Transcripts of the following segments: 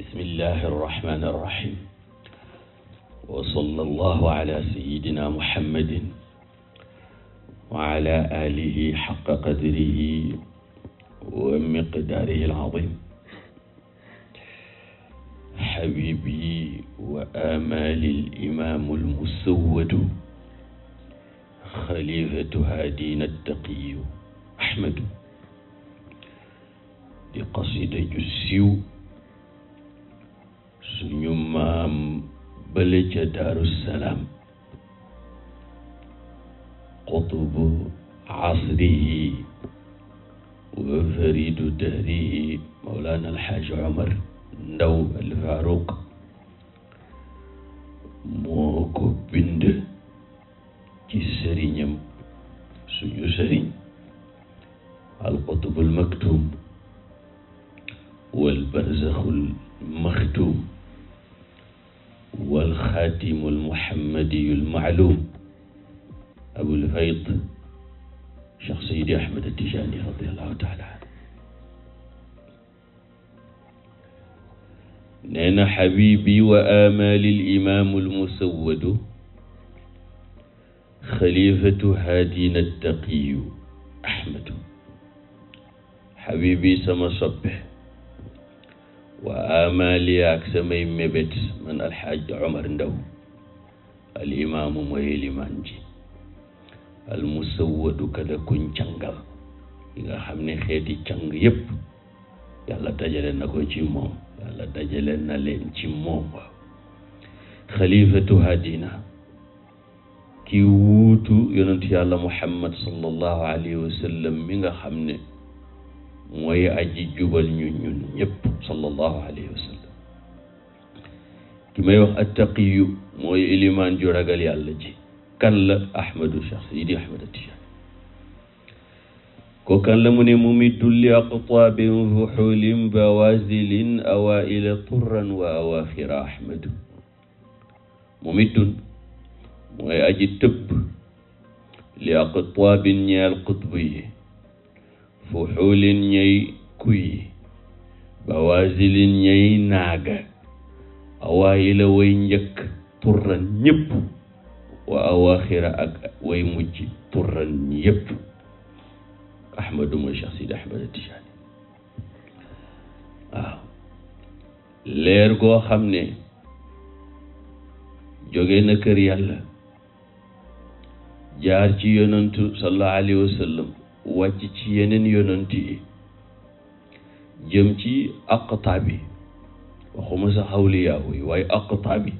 bismillahi arrahmani arrahim wa sallallahu ala sayidina muhammadin wa ala alihi xaqa qadrihi wa miqdaarihi alazim xabibi wa amali alimamu almusawwadu xalifatu haadina attaqiyu ahmadu di qasida ju siiw suñu maam bële ca daaru salaam qutubu asrihi wa faridu dahrihi mawlana alxaaji omar ndaw alfaruq moo ko bind ci sëriñam suñu sëriñ alqutubul maktum wal barzaxul maxtum wal xaatimul muhammadiyul maalum abul fayd cheikh sayidi ahmed atijani radiallahu taala an nee na xabibi wa amalil imaamul musawwadu xalifatu haadina taqiyu ahmadu xabibi sama soppe wa amaliya ak samay mébét man alxaaj Omar Ndaw al imaamu mooy limaan ji al musawwadu kada kuñ cangal yi nga xam ne xeeti càng yépp yàlla dajale na ko ci moom yàlla dajale na leen ci moom waaw xalifatu hadina ki wuutu yonentu muhammad sallallahu alayhi wa mi nga xam ne mooy aji jubal ñu ñun sallallahu alayhi wa sallam ki may wax attaqiyu mooy ilimaan ju ragal yàlla ji kan la ahmadu shah sidi ahmad atijani ko kan la mu ne mu middu li aqtaabin fuxulin bawazilin awaila turran wa awaxira ahmadu mu middun mooy aji tëbb li aqtaabin ñeel qutbu yi fuxulin ñey kuy bawasilin ñey naaga awaayila way njëkk turran ñëpp wa awaxira ak way mujj turran ñëpp ahmadu mooy cheikh sidi ahmad tijani waaw leer goo xam ne jóge na kër yàlla jaar ci yonantu sallallahu alayhi wa sallam wàcc ci yeneen yonant yi jëm ci aqtaab yi waxuma sa xawliyaaw yi waaye aqtaab yi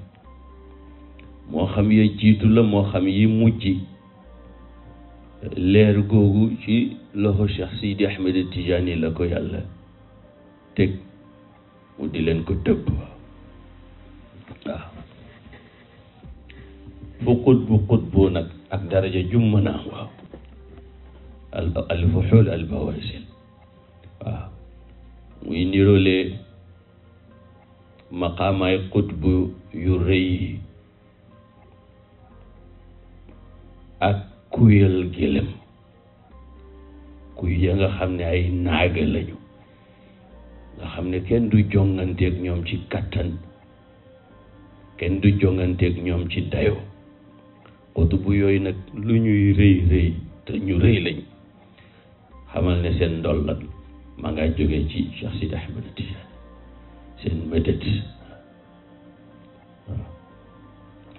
moo xam ya jiitu la moo xam yi mujj leer googu ci loxo Cheikh Sidi Ahmed Tijaani la ko yàlla teg mu di leen ko tëbb waaw fu xut bu ak daraja jum mën a al al al bawaasil waaw muy nirole maqaamaay xutb yu rëy yi ak kuyal gëlëm kuy ya nga xam ne ay naaga lañu nga xam ne kenn du jonganteeg ñoom ci kattan kenn du jonganteeg ñoom ci dayo xutb yooyu nag lu ñuy rëy rëy te ñu rëy lañ xamal ne seen ndollal maa ngaa jógee ci Cheikh Sidi Ahmed Tidiane seen mëtët waaw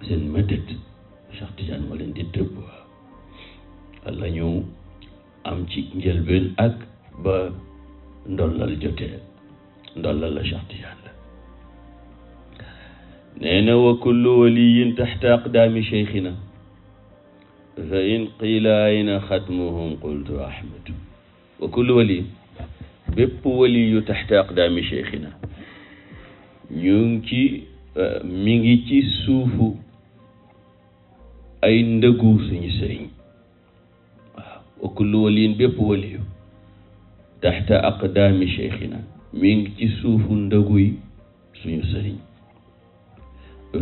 seen mëtët Cheikh Tidiane moo leen di dëbb wala ñu am ci njëlbeen ak ba ndollal jotee ndollal la Cheikh Tidiane la nee na wa kullu waliyin taxta aqdaami cheikhina fa in qiila ayna xatmuhum qultu ahmadu wa kullu waliyin bépp wali yu taxta aqdaami ñu ci euh, mi ngi ci suufu ay ndëgu suñu sëriñ waaw wa kullu waliin bépp wali yu taxta aqdaami mi ngi ci suufu ndëguy suñu sëriñ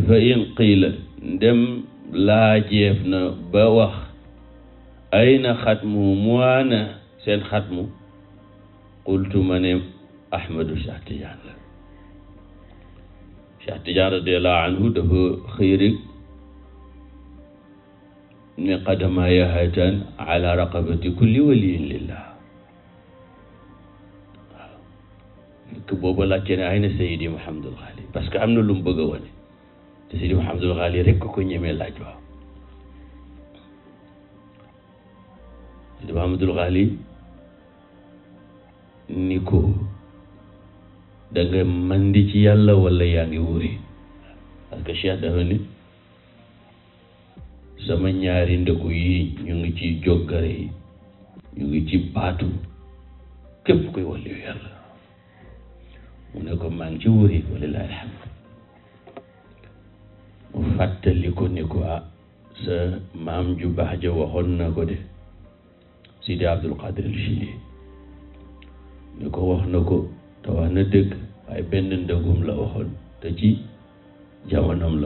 fa in qiila ndem laajeef na ba wax ay na xatmu muwaana seen xatmu qultu ma ne ahmadu Cheikh Tidiane la Cheikh Tidiane radiallahu anhu dafa xëy rek ne qadamaaya haatan ala raqabati kulli waliyin lillah waaw fekk booba laajte ne ay na Seydi Mouhamadul Xaali parce que am na lu mu bëgg a wane te Seydi Mouhamadul Xaali rek ko ñemee laaj waaw Seydi Mouhamadul Xaali ni ko mandi ci yàlla wala yaa ngi wuri parce que Cheikh dafa ni sama ñaari ndëkku yi ñu ngi ci joggare yi ñu ngi ci baatu képp koy wàllu yàlla mu ne ko maa ngi ci wuri wala laa xam mu fàttali ko ah, sa maam ju baax ja waxoon na ko de Sidi Abdul Qadir al Jili ko wax na ko te wax na dëgg waaye benn ndëgum la waxoon te ci la waxoon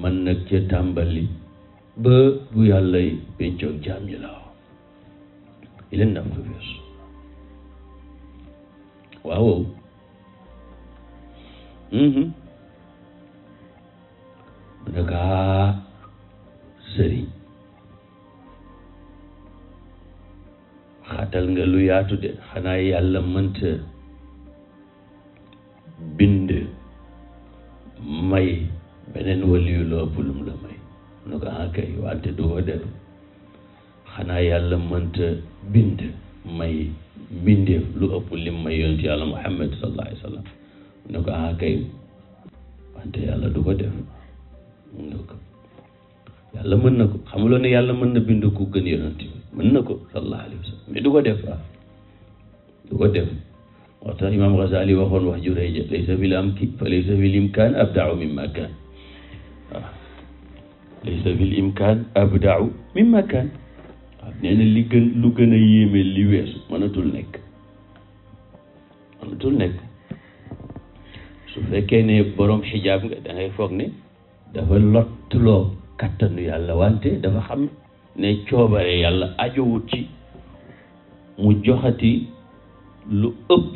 man nag ca tàmbali ba bu yàlla pencoog jaam la wax ileen naam ko fees waaw mhm. mu ne ko ah, xatal nga lu yaatu de xanaa yàlla mënta bind may beneen waliyu lu ëpp lum la may nu ko akay ah wante du ko def xanaa yàlla mënta bind may mbindeef lu ëpp lim may yonent yàlla muhammad sallallahu alayhi nu ko akay ah wante yàlla du ko def yàlla mën na ko xamuloo yàlla mën na bind ku gën yonent mën na ko sallallahu alayhi wa sallam mais du ko def ah. du ko def moo tax imam Ghazali waxoon wax ju rëy ja laysa bil amki fa laysa bil imkaan abdau mimma kaan waaw ah. laysa bil imkaan abdau mimma kaan waaw ah, nee na lu gën a yéeme li weesu mënatul nekk mënatul nekk su fekkee ne borom xijaab nga da foog ne dafa lottuloo kattanu yàlla wante dafa xam ne coobare yàlla ajowut ci mu joxati lu ëpp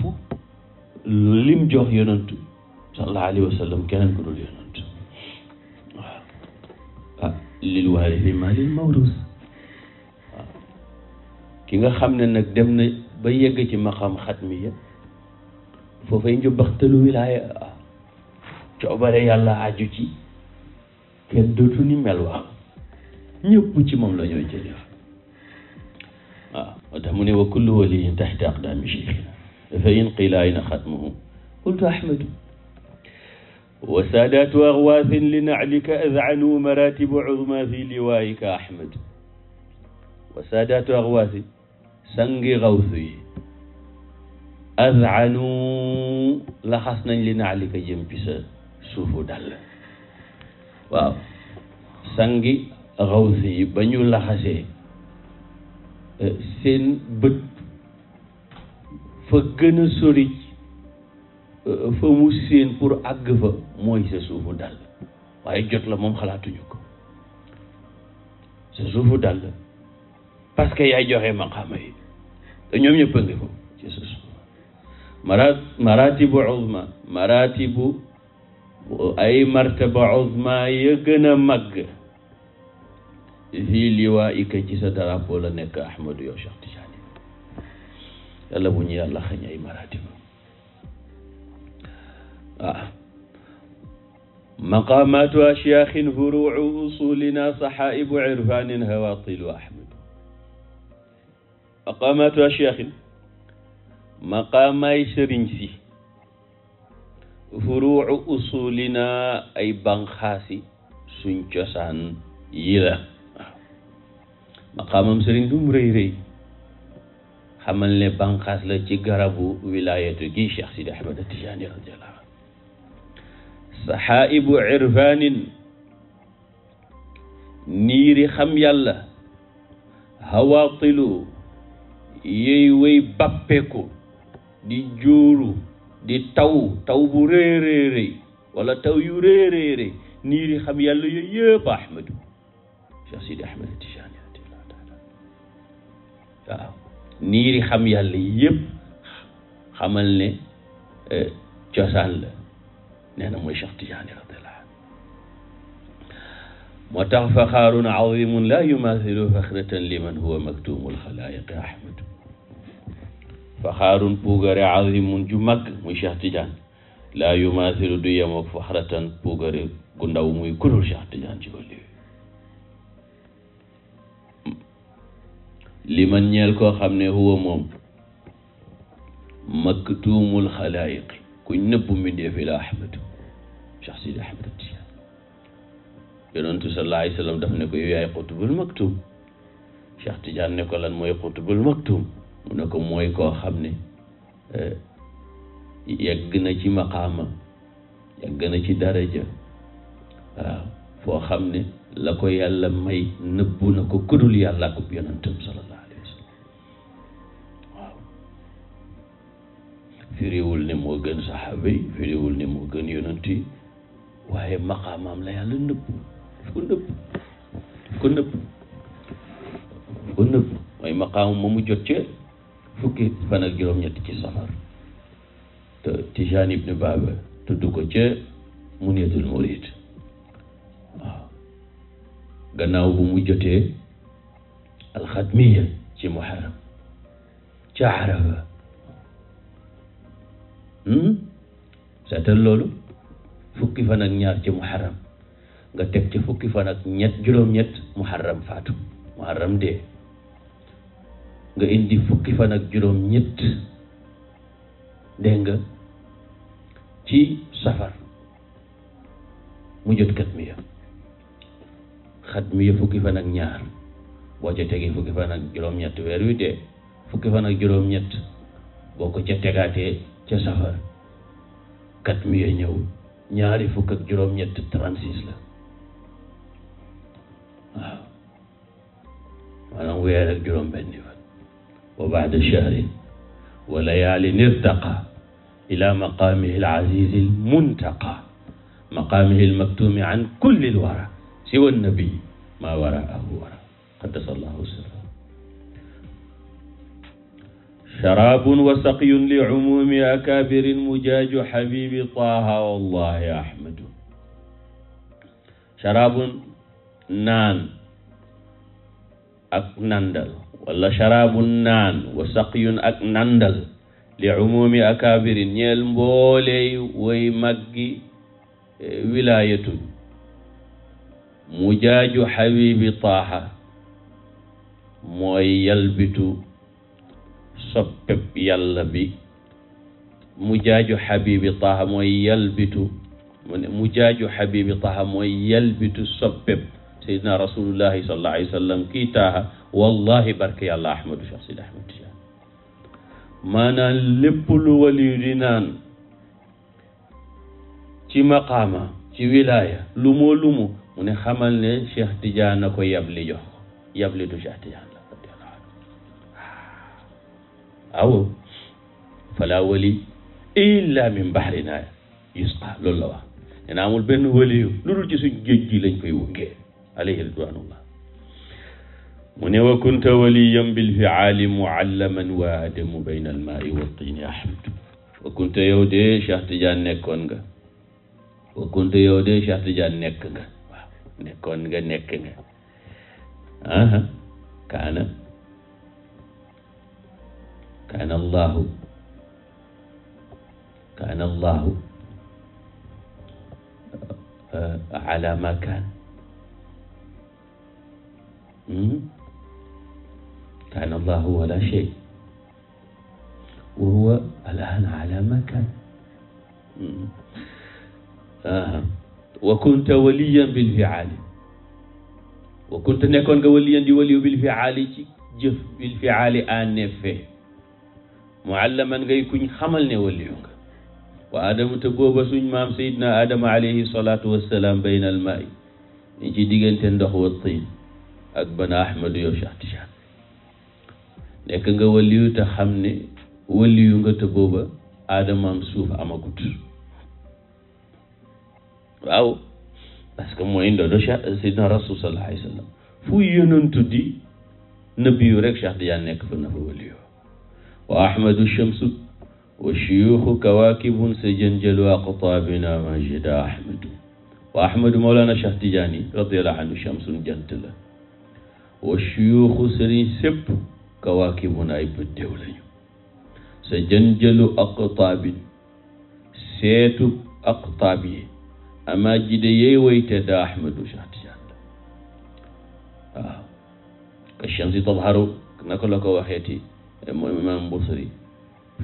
lim jox yonantu sallallahu alayhi wa sallam keneen ku dul yonantu waaw ah lil waarithi maa lil mawruus ki nga xam ne nag dem na ba yegg ci maqam xatmiya foofay njëbaxtalu wilaaya coobare yàlla aju ci kenn dootu ni mel waaw ñëpp ci moom la ñoo jëlee waaw ah, moo tax mu ne wa kullu waliyin taxta aqdaami cheikhina fa in qila ayna xatmuhu qultu ahmadu wa saadaatu axwaathin li naclika azcanuu maratibu cuzma fi liwaayika ahmadu wa saadaatu axwaathin sangi xawsu yi azcanuu laxas nañ li naclika jëm ci sa suufu dàll waaw sangi xawsi yi ba ñu laxasee euh, seen bët fa gën a sori euh, fa mu séen pour àgg fa mooy sa suufu dàll waaye jot la moom xalaatuñu ko sa suufu dàll parce que yaay joxe maqaama yi te ñoom ñëpp ngi foofu maratibu maratibu ay martaba uzma ya gën a màgg fii liwaa ika ci sa drapeau la nekk Ahmadu yow Cheikh Tidiane yàlla bu ñu yàlla xañ ay maratiba ah maqaamaatu ashyaaxin furuucu usulina saxaaibu irfaanin hawaatilu Ahmad maqaamaatu ashyaaxin maqaamaay sëriñ si furuucu usulina ay banxaasi suñ cosaan yi la maqaamam sëriñ lu mu rëy rëy xamal ne banqaas la ci garabu wilaayatu gi Cheikh Sidi Ahmad Tijaani radiyallahu anhu saxaa'ibu irfaanin niiri xam yàlla hawaatilu yey way bàppeeku di jóoru di taw taw bu réeréeréy wala taw yu réeréeréy niiri xam yàlla yooyu yëpp waaw niiri xam yàlla yëpp xamal ne euh, cosaan la nee na mooy Cheikh Tidiane radiallahu moo tax faxaarun azimun la yumathilu faxratan liman huwa maktumul xalaayiqi ahmadu faxaarun puugare azimun ju mag muy Cheikh Tidiane la yumathilu du yemoog faxratan puugare gu ndaw muy kulul Cheikh Tidiane ci wàllu li man ñeel koo xam ne huwa moom maktuumul xalaayiqi kuñ nëbbu mbindeef ila ahmadu Cheikh Sidi Ahmad Tijaan yonentu sallallahu alayhi wasallam daf ne ko yow yaay xutubul maktuum Cheikh Tijaan ne ko lan mooy xutubul maktuum mu ne ko mooy koo xam ne eh, yegg na ci maqaama yegg na ci daraja waaw foo xam ne la ko yàlla may nëbbu na ko kudul yàlla ak yonentam sallallahu alayhi wa sallam waaw firiwul ne moo gën saxaaba firiwul ne moo gën yonent waaye maqaamaam la yàlla nëbbu daf ko nëbb ko nëbb mooy maqaamam ma mu jot ci fukki fan ak juróom-ñett ci safar te Tijaan Baaba tudd ko ca Muniyatul Murid waaw gannaaw bu mu jotee alxatmiya ci muharram ca Arafa hmm? seetal loolu fukki fan ak ñaar ci muharram nga teg ci fukki fan ak ñett juróom-ñett muharram faatu muharram dee nga indi fukki fan ak juróom-ñett dégg nga ci safar mu jot kat xat mi fukki fan ak ñaar boo ca tegee fukki fan ak juróom-ñett weer wi dee fukki fan ak juróom-ñett boo ko ca tegaatee ca safar kat mi ñëw ñaari fukk ak juróom-ñett trente six la waaw maanaam weer ak juróom-benni fan wa baada shahrin wa layaalin irtaqa ila maqaamihi al-aziizi al-muntaqa maqaamihi al-maktuumi an kulli al-wara siwa an-nabi maa waraahu wara qaddasallahu sirra sharaabun wa saqyun li cumuumi akaabirin mujaaju xabiibi taaha wallahi ahmadu sharaabun naan ak nandal wala sharaabun naan wa saqyun ak nandal li cumuumi akaabirin ñeel mbooleey way maggi eh, wilaayatu mujaaju xabibi taaxa mooy yalbitu soppeb yàlla bi mujaaju xabibi taaxa mooy yalbitu mu ne mujaaju xabibi taaxa mooy yalbitu soppeb sayidna rasulullahi sallallahu alayhi wa sallam kii taaxa wallahi barke yàlla ahmadu cheikh sidi ahmad tijaan maanaam lépp lu waliyu di naan ci maqaama ci wilaaya lumoo lumu mu ne xamal ne Cheikh Tidiane na ko yabli jox yabli du Cheikh Tidiane la radiyallahu anhu aw fala wali illa min bahrina yusqa loolu la wax nee na amul benn waliyu lu dul ci suñ géej gi lañ koy wungee alayhi ridwanullah mu ne wa kunta waliyan bilfiaali muallaman wa adamu bayna almaai wa tini ahmad wa kunta yow dee Cheikh Tidiane nekkoon nga wa kunta yow dee Cheikh Tidiane nekk nga nekkoon nga nekk nga aha kaana kaana allahu kaana allahu uh, ala ma kaan hmm? kaana allahu wala shay wa huwa alaan ala ma kaan hmm. wa kunta waliyan bil fiaali wa kunta nekkoon nga waliyan di waliyu bil fiaali ci jëf bil fiaali en effet muallaman ngay kuñ xamal ne waliyu nga wa adama te booba suñ maam sayidna adama alayhi salaatu wassalaam bayna al maayi ñu ci diggante ndox wa tiin ak bana ahmadu yow Cheikh Tijaan nekk nga waliyu te xam ne waliyu nga te booba aadamaam suuf amagut waaw parce que mooy loolu Seydina Rasul sallallahu alayhi wa sallam fu yonantu di nabiyu rek Cheikh Tidiane nekk fa na fa waliyu wa ahmadu shamsu wa shuyuxu kawaakibun sa jënjëlu aqtaabina majida ahmadu wa ahmadu mawlana Cheikh Tidiane radiyallahu anhu shamsun jant la wa shuyuxu sëriñ sépp kawaakibun ay bëddéew lañu sa jënjëlu aqtaabin seetu aqtaab yi ama jide yey way tedd ahmadu Cheikh Tidiane waaw ah, ka shamsi tadharu naka la ko waxeeti moom imam Busiri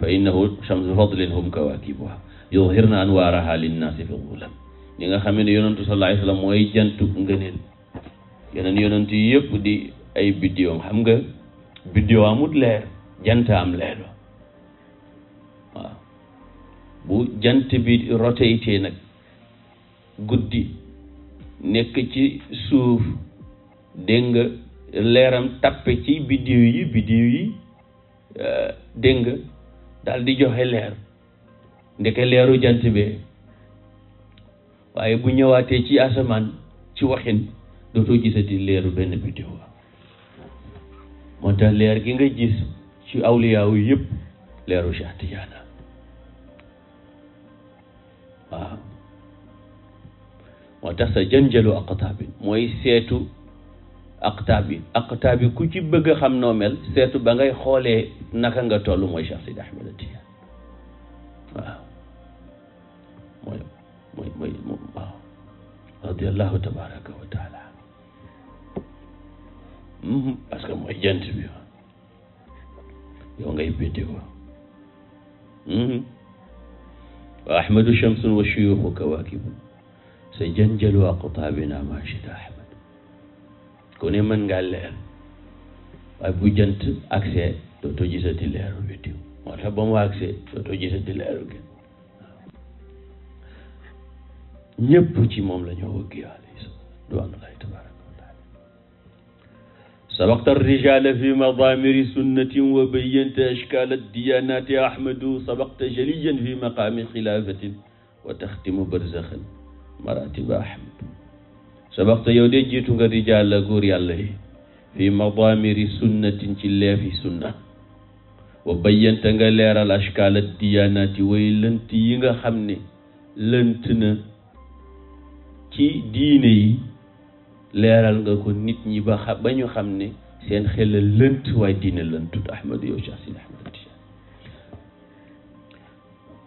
fa innahu shamsu fadlin hum kawakibuha yudhirna anwaraha linnaasi fi dhulam ñi nga xam ne yonentu sallallahu alayhi wa sallam mooy jantu ngëneel yeneen yonent yi yëpp di ay biddiwam xam nga biddiw amut leer jant am leer waaw bu jant bi roteytee nag guddi nekk ci suuf dégg leeram tappe ci biddiw yi biddiw yi euh, dégg nga di joxe leer ndeke leeru jant bee waaye bu ñëwaatee ci asamaan ci waxin dootoo gisati leeru benn biddiw moo tax leer gi nga gis ci awliyaawu yépp leeru Cheikh Tidiane waaw moo tax sa bi mooy seetu aqtaab bi ku ci bëgg xam noo mel seetu ba ngay xoolee naka nga toll mooy Cheikh Sidi Ahmed Tidiane waaw mooy mooy mooy waaw radiallahu tabaraka wa mm-hmm. parce que mooy jant bi yow ngay béddi ko mm-hmm. wa ahmadu shamsun wa shuyuxu kawaakibun سجنجل أقطابنا ما شئت أحمد ku ne mën ngaa leer waaye bu jant accès dootoo gisati leeru biddiw moo tax ba mu accès dootoo gisati leeru gi ñëpp ci moom la ñu wëgg alayhi salaam duwaanullahi tabaraka wa taala sabaqta arrijala fi madamiri sunnatin wa bayyanta ashkala diyanati ahmadu sabaqta jaliyan fi maqami xilaafatin wa taxtimu barzaxan maratiba ahmad sabaqta yow de jiitu nga rijaala góor yàlla yi fi madaamiri sunnatin ci leefi sunna wa bayyanta nga leeral ashkaala diyaanaati way lënt yi nga xam ne lënt na ci diine yi leeral nga ko nit ñi ba xam ba ñu xam ne seen xel lënt waaye diine lëntut ahmad yow Cheikh Sidi Ahmad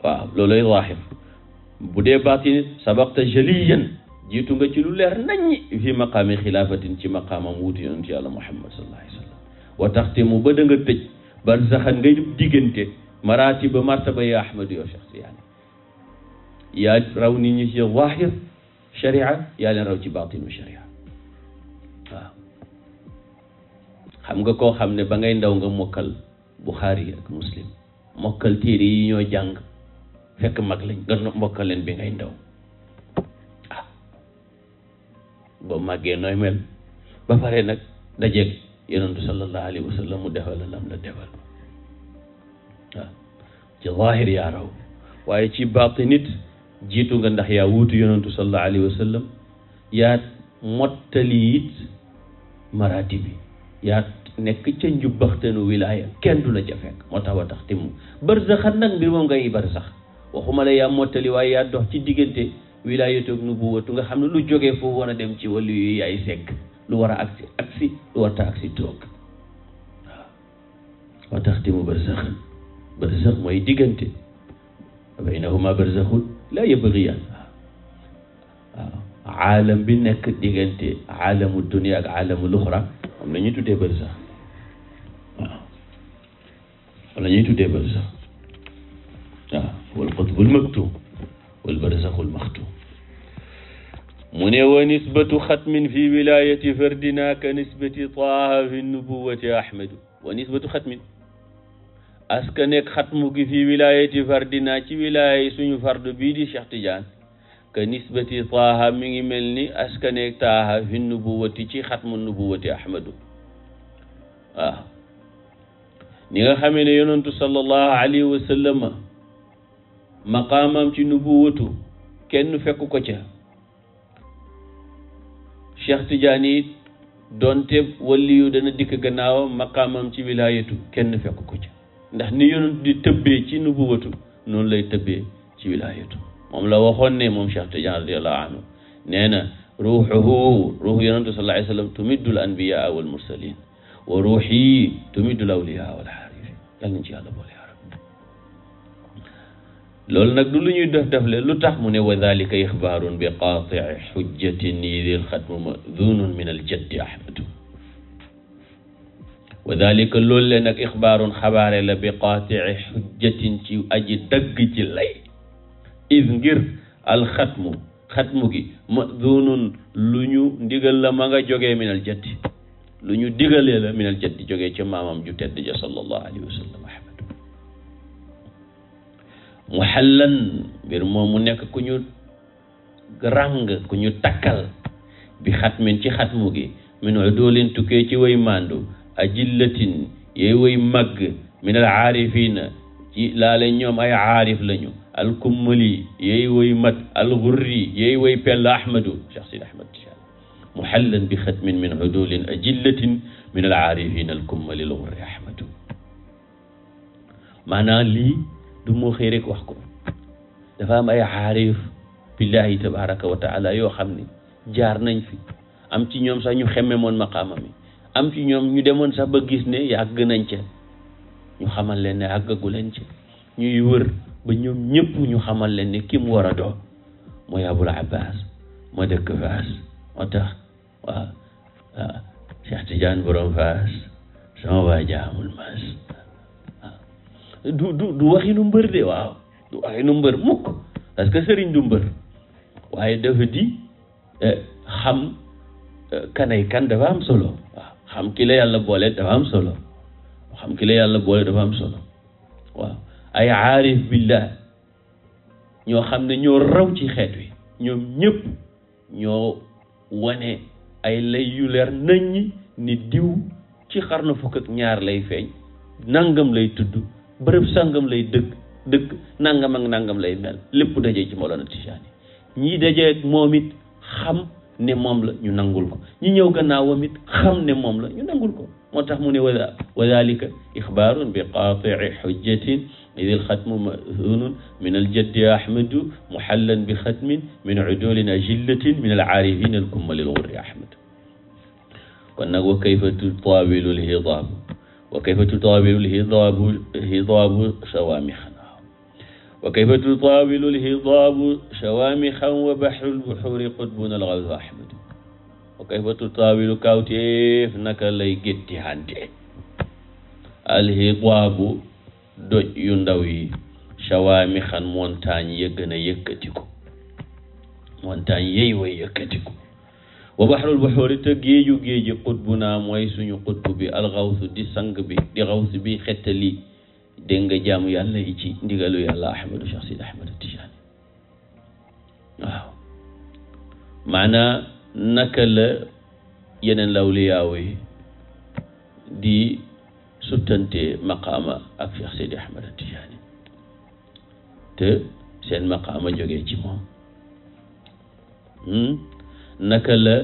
waaw looloy waaxim bu dee baatin sabaqta jaliyan jiitu nga ci lu leer naññi fi maqaami xilaafatin ci maqaamam wuuti yonent yàlla muhammad sallallahu alayhi wa sallam mu ba nga tëj barzaxan ngay diggante maraati ba martaba ya ahmad yaa raw nit ñi ci zaahir yaa leen raw ci baatinu sharia waaw xam nga koo xam ne ba ngay ndaw nga mokkal buxaari muslim mokkal téere yi ñoo jàng fekk mag lañ nga mbokka leen bi ngay ndaw ah boo màggee nooy mel ba pare nag dajeeg yonentu sallallahu alayhi mu defal la lam la defal waaw ah. ci zaahir nit jiitu nga ndax yaa wuutu yonentu sallallahu alayhi wa sallam maraati bi yaa nekk ca njubbaxtanu wilaaya kenn du la ca fekk moo tax wa tax te mu nag mbir moom ngay barzax waxuma la yaa mottali waaye yaa dox ci diggante wilaayatoog nubuwatu nga xam ne lu jóge foofu war a dem ci wàllu yu yaay segg lu war a agsi agsi lu war ta agsi toog waaw wa taxtimu barzaxan barzax mooy diggante baynahuma barzaxun laa yabgiyaan waaw aalam bi nekk diggante aalamu dunia ak aalamu luxra ñuy tuddee barzax waaw am na ñuy tuddee barzax wal qutbul maktub wal barzaxul maxtum mu ne wa nisbatu xatmin fi wilayati fardina ka nisbati taaha fi nubuwati ahmadu wa nisbatu xatmin aska nekk xatmu gi fi wilayati fardina ci wilaya yi suñu fardu bii di Cheikh Tidiane ka nisbati taaha mi ngi mel ni aska nekk taaha fi nubuwati ci xatmu nubuwati ahmadu waaw ni nga xamee ne yonantu sallallahu alayhi wa sallam maqaamam ci nubuwatu kenn fekku ko ca Cheikh Tidiane it doonte waliyu dana dikk gannaawam maqaamam ci wilaayatu kenn fekku ko ca ndax ni yonent di tëbbee ci nubuwatu noonu lay tëbbee ci wilaayatu moom la waxoon ne moom Cheikh Tidiane radiyallahu anhu nee na ruuxuhu ruux yonentu sallallahu alayhi wa sallam tumiddul anbiyaa wal mursalin wa ruuxi tumiddul awliyaa wal xaarifi yàlla nañ ci yàlla boole loolu nag du lu ñuy def defle lu tax mu ne wa dalika ixbaarun bi qaatii xujjatin idil xatmu madunun min aljaddi ahmadu wa dalika loolu le nag ixbaarun xabaare la bi qaatii xujjatin ci aji dagg ci lay id ngir alxatmu xatmu gi madunun lu ñu ndigal la ma nga jógee min aljaddi lu ñu digalee la min aljaddi jógee ca maamam ju tedd ja sallallahu alayhi wa sallam mu xellan moom mu nekk ku ñu ràng ku ñu takkal bi xatmin ci xatmu gi min udulin tukkee ci way mandu ajillatin yooyu way màgg min al aarifina ci laale ñoom ay aarif lañu alkummali yooyu way mat alxurri yooyu way pell ahmadu cheikh mu xellan bi xatmin min udulin min al aarifina alkummali alxurri ahmadu maanaam lii du moo xëy wax ko dafa am ay aarif billahi tabaraka wa yoo xam ne jaar nañ fi am ci ñoom sax ñu xemme moon maqaama mi am ci ñoom ñu demoon sax ba gis ne yàgg nañ ca ñu xamal leen ne àggagu leen ca ñuy wër ba ñëpp ñu xamal leen ne kii mu war a doon mooy abul abbas moo dëkk faas moo tax waaw waaw Cheikh Tidiane faas sama waa jaamul maas du du du waxinu mbër de waaw du waxinu mbër mukk parce sëriñ du mbër waaye dafa di eh, xam eh, kanay kan dafa am solo waaw xam ki la yàlla boole dafa am solo xam ki la yàlla boole dafa am solo waaw ay aarif billah ñoo xam ne ñoo raw ci xeet wi ñoom ñépp ñoo wane ay lay yu leer nañ ñi ni diw ci xarnu fukk ak ñaar lay feeñ nangam lay tudd bërëb sangam lay dëkk dëkk nangam ak nangam lay mel lépp dajee ci Mawlana Tijaani ñi dajee ak moom xam ne moom la ñu nangul ko ñi ñëw gannaawam xam ne moom la ñu nangul ko moo tax mu ne wala wa dalika ixbaarun bi qaatii xujjatin إذ الختم مأذون من الجد أحمد محلا بختم من عدول أجلة من العارفين الكمل الغر أحمد kon nag وكيف تطاول الهضام wa kayfa tutaawilu lhidaabu hidaabu shawaamixan wa kayfa tutaawilu lhidaabu shawaamixan wa baxru lbuxuuri qutbun alxawsu ahmadu wa kayfa tutaawilu kawteef naka lay gétti hante alhidaabu doj yu ndaw yi shawaamixan montagne ya gën a yëkkatiku montagne yey way yëkkatiku wa baxrul buxuuri te géeju géeji xutbu naa mooy suñu xutbu bi alxawsu di sang bi di xaws bi xettali dégg nga jaamu yàlla yi ci ndigalu yàlla ahmadu cheikh sid ahmad tijaani waaw maanaa naka la yeneen lawliyaaw yi di suttante maqaama ak cheikh sid ahmad tijaani te seen maqaama jógee ci moom hmm? naka la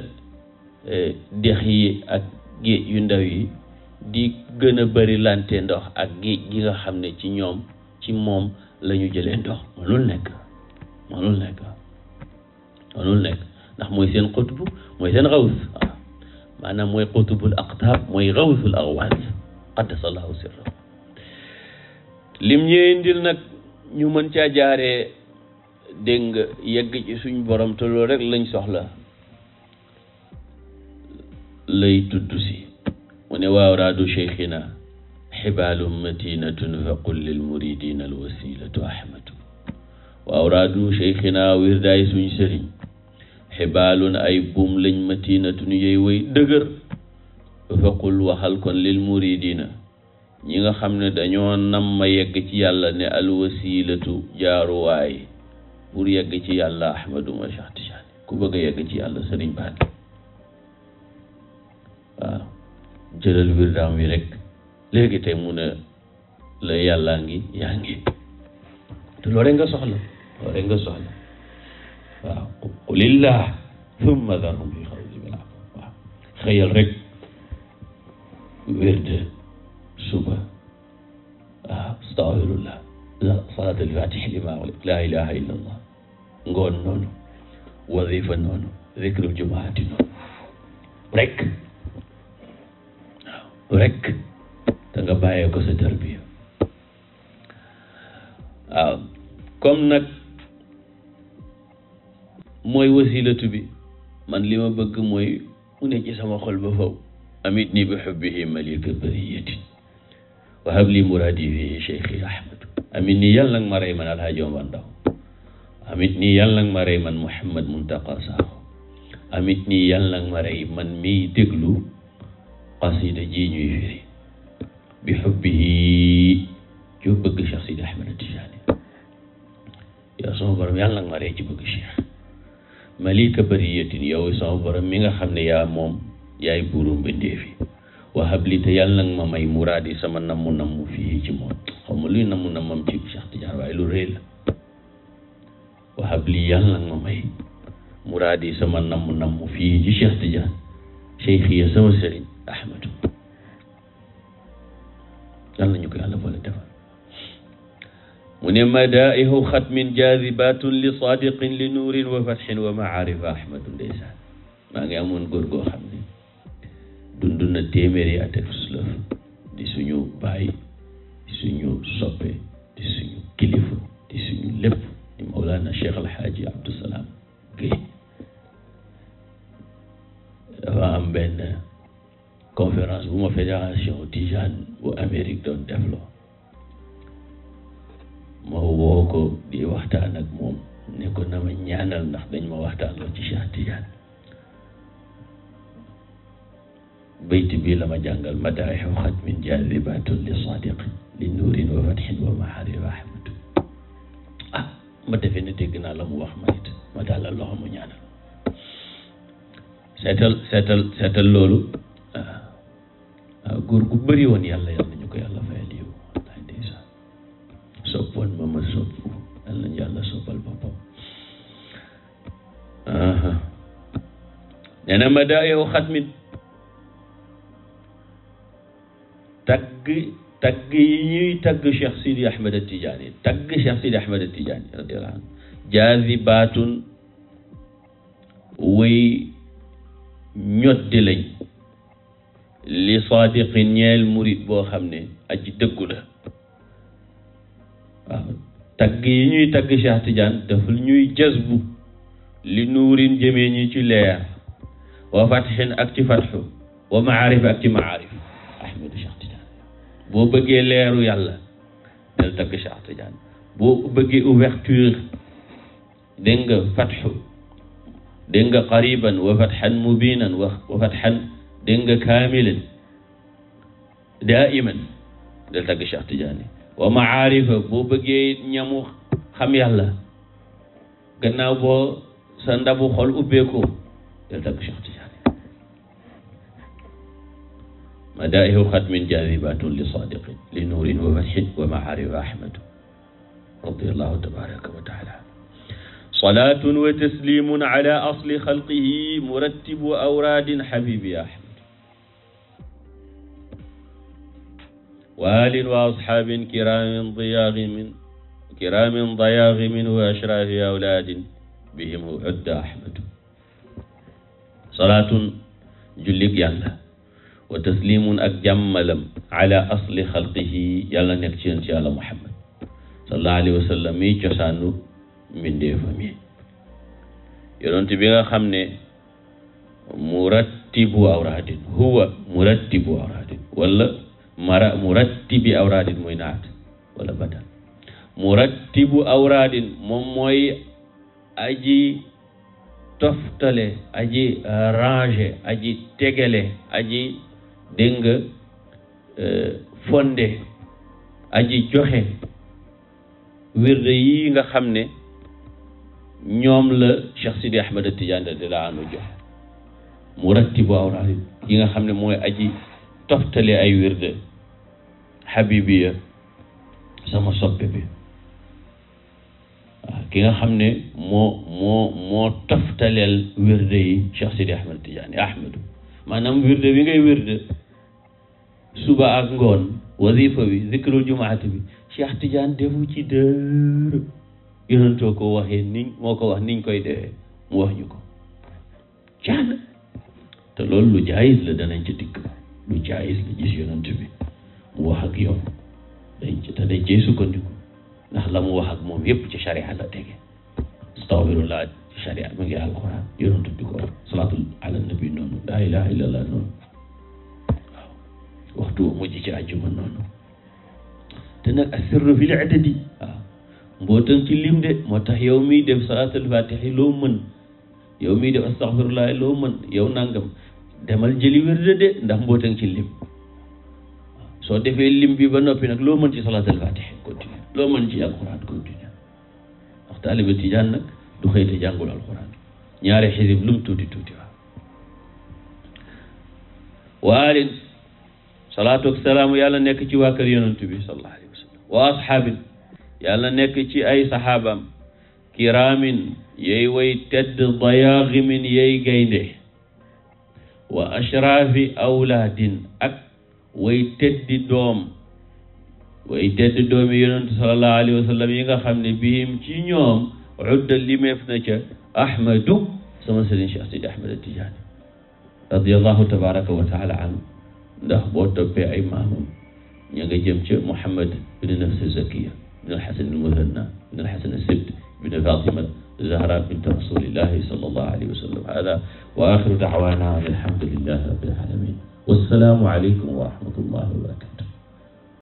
e, dex yi ak géej yu ndaw yi di gën a bari lante ndox ak géej gi nga xam ne ci ñoom ci moom lañu ñu jëlee ndox mënul nekk mënul nekk mënul nekk ndax mooy seen xutb maanaam mooy xutbul aqtaab mooy lim ñee indil nag ñu mën caa jaaree dégg nga yegg ci suñ borom te loolu rek lañ soxla lay tudd si mu ne waawraadu cheikhina xibaalum matinatun fa qul lil muridina al wasilatu ahmadu waawraadu cheikhina wirdaay suñ sëriñ xibaalun ay buum lañ matinatun yoy way dëgër fa qul waxal kon lil muridina ñi nga xam ne dañoo nam ma yegg ci yàlla ne al wasilatu jaaruwaay pour yegg ci yàlla ahmadu ma cheikh tijaan ku bëgg yegg ci yàlla sëriñ baat waaw jëlal wirdaam wi rek léegi tey mu ne la yàllaa ngi yaa ngi te loolu rek nga soxla loolu rek nga soxla waaw qulillah thumma darhum fi xawdi bil waaw xëyal rek wérde suba waaw astaghfirullah la salat al fatih lima ughliq la ilaha illa allah ngoon noonu wadifa noonu zikru jumaati noonu rek rek te nga bàyyee ko sa tarbiya waaw comme nag mooy wasilatu bi man li ma bëgg mooy mu ne ci sama xol ba faw amit ni bi xubbihi malika bariyati wa habli muradi fi cheikhi ahmad amit nii yàlla nag ma rey man alhaaji Omar amit nii yàlla nag ma rey man Mouhamed Muntaqa Sakho amit nii yàlla nag ma rey man miy déglu xasida ji ñuy firi bi xubbihi ci bëgg Cheikh Sidi Ahmed Tijani yow sama borom yàlla nga ma ree ci bëgg Cheikh malika bariyatin yow mi nga xam ne yaa moom yaay buuru mbindeef yi wahab li te yàlla nga ma may muraadi sama namu namu fii ci moom xaw lu rëy la wahab li yàlla nga ma may muraadi sama namu namu fii ci Cheikh Tidiane cheikh ya ahmadu yàlla ñu ko yàlla boole defal mu ne madaihu xatmin jazibatun li sadiqin li nuurin wa fatxin wa maarifa ahmadu ndeysaan maa ngi amoon góor goo xam ne dund na téeméeri at ak sulaf di suñu baay di suñu soppe di suñu kilifa di suñu lépp di Mawlana Cheikh Alhaaji Abdou Salam Guèye dafa am benn conférence bu ma fédération Tijane bu Amérique doon defloo ma woo ko di waxtaan ak moom ne ko na ma ñaanal ndax dañ ma waxtaanloo ci Cheikh Tijane bayt bii la ma jàngal madaaxu xatmin jaalibatun li sadiq li nuurin wa fatxin wa mahari wa ah, la mu wax ma it la loxo mu ñaanal seetal seetal seetal loolu waaw góor gu bëri woon yàlla yàlla ñu ko yàlla soppoon ma ma sopp yàlla ñu yàlla soppal boppam nee na ma daa yow xatmit tagg tagg yi ñuy tagg Cheikh Sidi Ahmed Tidiane tagg Cheikh Sidi Ahmed Tidiane radiyallahu anhu jaazibaatun way ñoddi lañ li saadiqi ñeel murit boo xam ne aji dëggu la waaw tagg yi ñuy tagg Cheikh Tidiane dafa ñuy jazbu li nuurin jëmee ñi ci leer wa fatxin ak ci fatxu wa maarif ak ci maarif ahmadu Cheikh Tidiane boo bëggee leeru yàlla del tagg Cheikh Tidiane boo bëggee ouverture dégg nga fatxu dégg nga qariban wa fatxan mubinan wa fatxan dégg nga kaamilan daiman del tagg Cheikh Tidiane wa maarifa boo bëggee ñamu xam yàlla gannaaw boo sa ndabu xol ubbeekoo del tagg Cheikh Tidiane madaa'ihu xatmin jaazibatun li sadiqin li nuurin wa fatxin wa maarifa ahmadu radiyallahu tabaraka wa taala صلاة وتسليم على أصل خلقه مرتب أوراد حبيبي أحمد وآل وأصحاب كرام ضياغم كرام ضياغم وأشراف أولاد بهم عد أحمد صلاة jullig yàlla wa taslimun ak jàmmalam ala asli xalqihi yàlla nekk ci yonent yàlla muhammad sallallahu alayhi wa sallam miy cosaanu mbindeefam yi yonent bi nga xam ne murattibu awraadin huwa murattibu awraadin wala mara murattibi awraadin mooy naat wala awraadin moom mooy aji toftale aji ranger aji tegale aji dégg nga euh, fonde aji joxe wirde yi nga xam ne ñoom la Cheikh Sidi Ahmed Tidiane radiyallahu anhu joxe murattibu awraadin yi nga xam ne mooy aji toftale ay wirde Habibiya sama soppe bi waaw ah, ki nga xam ne moo moo moo taftaleel wirde yi Cheikh Sidi Ahmed Tidiane Ahmedu maanaam wirde bi ngay wirde suba ak ngoon wazifa bi zikrul jumaati bi Cheikh Tidiane defu ci dër yonentoo ko waxee niñ ko wax niñ koy de mu wax ñu ko jaan te loolu lu jaayis la danañ ci dikk lu jaayis la gis yonent bi mu wax ak yow day te dañ cey sukkandiku ndax la mu wax ak moom yëpp ci sharia la tege astahfirullah ci sharia mu ngi alquran yonent bi ko salaatul ala nabi noonu laa ilaha illallah noonu waaw waxtu wa mujj ci àjjuma noonu te nag asirru fil adadi waaw mbootan ci lim de moo tax yow miy def salaatul fatihi loo mën yow miy def astahfirullah loo mën yow nangam demal jëli de ndax mbootan ci lim soo defee lim bi ba noppi nag loo mën ci salaatul faatiha continue loo mën ci alxuraan continue ndax taaliba tijaan nag du xëy te jàngul alxuraan ñaari xisib lum tuuti tuuti waaw waalin salaatu ak salaamu yàlla nekk ci waa kër yonent bi sallallahu alayhi wa sallam wa asxaabin yàlla nekk ci ay saxaabaam kiraamin yey way tedd dayaaximin yey gaynde wa ashraafi awlaadin ak way teddi doom way teddi doom yi yonentu sallallahu alayhi wa sallam yi nga xam ne biim ci ñoom udda limeef na ca ahmadu sama sëriñ Cheikh Sidi Ahmed Tidiane radiallahu tabaraka wa taala anhu ndax boo toppee ay maamam ña nga jëm ca Muhammad bin nafsi zakiya bin alxasan almuhanna bin alxasan asibt bin fatima zahra bint rasulillahi sallallahu alayhi wa sallam hada wa axiru daawana an alhamdulillahi rabbil alamin wassalaamu aleykum wa rahmatullahi wa barakatu